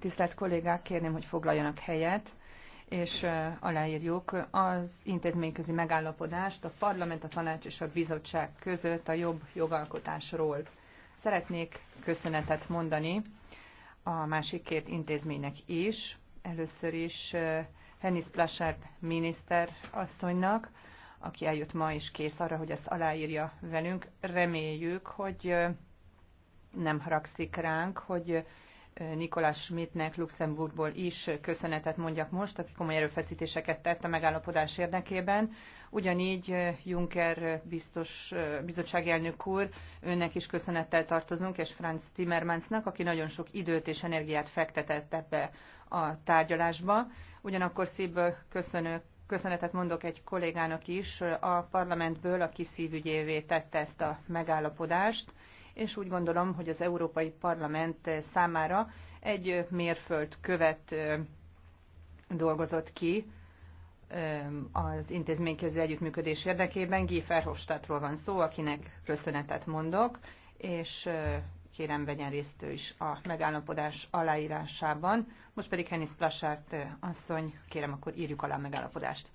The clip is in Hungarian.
Tisztelt kollégák, kérném, hogy foglaljanak helyet, és alárjuk az intézményközi megállapodást a parlament, a tanács és a bizottság között a jobb jogalkotásról. Szeretnék köszönetet mondani a másik két intézménynek is. Először is Hennis Plaschert miniszter asszonynak, aki eljött ma és kész arra, hogy ezt aláírja velünk. Reméljük, hogy nem haragszik ránk, hogy Nikolás Schmidtnek Luxemburgból is köszönetet mondjak most, aki komoly erőfeszítéseket tett a megállapodás érdekében. Ugyanígy Juncker biztos, bizottsági elnök úr, önnek is köszönettel tartozunk, és Franz Timmermansnak, aki nagyon sok időt és energiát fektetett ebbe a tárgyalásba. Ugyanakkor szívből köszönök köszönetet mondok egy kollégának is a parlamentből, aki szívügyévé tette ezt a megállapodást, és úgy gondolom, hogy az Európai Parlament számára egy mérföld követ dolgozott ki az intézményközi együttműködés érdekében. Guy Verhofstadtról van szó, akinek köszönetet mondok, és kérem vegyen részt ő is a megállapodás aláírásában. Most pedig Henis Plassárt eh, asszony, kérem akkor írjuk alá a megállapodást.